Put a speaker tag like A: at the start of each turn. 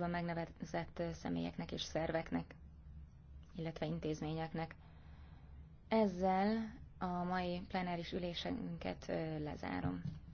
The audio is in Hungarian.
A: megállapodásban megnevezett személyeknek és szerveknek, illetve intézményeknek. Ezzel a mai plenáris ülésünket
B: lezárom.